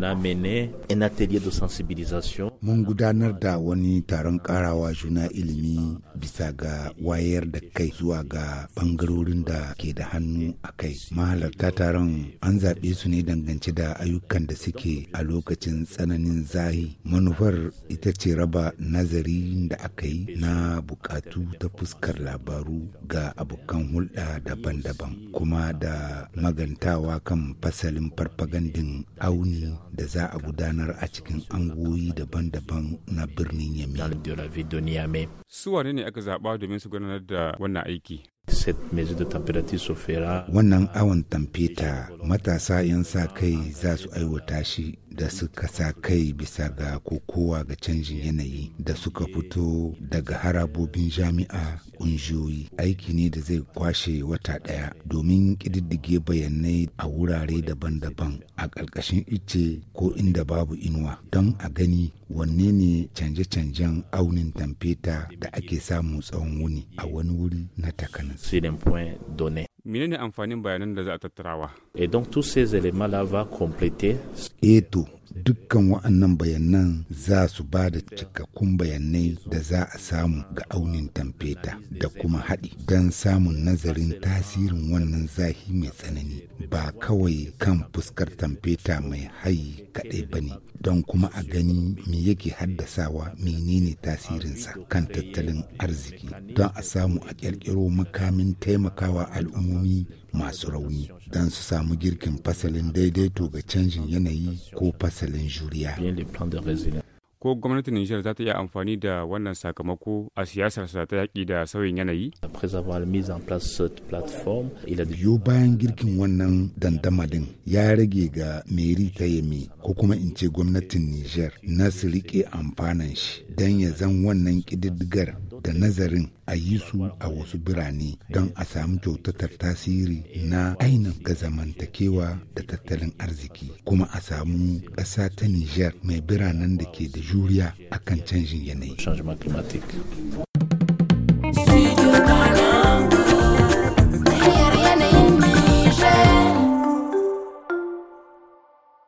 on a mené un atelier de sensibilisation. Mon da wani taron juna ilimi bisa ga wayar da kai zuwa ga bangarorin da ke da hannu a kai mahalarta taron an zaɓe su ne dangance da ayyukan da suke a lokacin tsananin zahi manufar ita ce raba nazari da aka yi na bukatu ta fuskar labaru ga abokan hulɗa daban-daban kuma da magantawa kan fasalin farfagandin auni da za a gudanar a cikin angoyi daban-daban na birnin yami. ne aka zaɓa domin su gudanar da wannan aiki. Wannan awon tamfeta matasa 'yan sa kai za su aiwata shi da suka sa kai bisa ga kokowa ga canjin yanayi da suka fito daga harabobin jami'a ƙungiyoyi aiki ne da zai kwashe wata ɗaya domin ƙididdige bayanai a wurare daban-daban a ƙarƙashin ice ko inda babu inuwa don a gani wanne ne canje-canjen aunin tamfeta da ake samu tsawon wuni a wani wuri na takanas. menene amfanin bayanan da za a tattarawa. Et donc tous ces éléments là va compléter. Et tout Dukkan wa'annan bayanan za su ba da cikakkun bayanai da za a samu ga aunin tamfeta da kuma haɗi don samun nazarin tasirin wannan zahi mai tsanani ba kawai kan fuskar tamfeta mai hayi kaɗai ba ne don kuma a gani me yake haddasawa menene tasirinsa kan tattalin arziki don a samu a ƙirƙiro makamin taimakawa al'ummomi masu rauni don su samu girkin fasalin daidaito ga canjin yanayi ko fasalin juriya. Ko gwamnatin Nijar za ta iya amfani da wannan sakamako a siyasar siyasarsa ta yaƙi da sauyin yanayi? Biyo bayan girkin wannan dandamalin ya rage ga Meri Tayemi ko kuma in ce gwamnatin Nijar na su riƙe amfanan shi don ya zan wannan ƙididdigar da nazarin a yi su a wasu birane don a samu kyautatar tasiri na ainihin ga zamantakewa da tattalin arziki kuma a samu ƙasa ta Nijar mai biranen da ke da juriya akan canjin yanayi.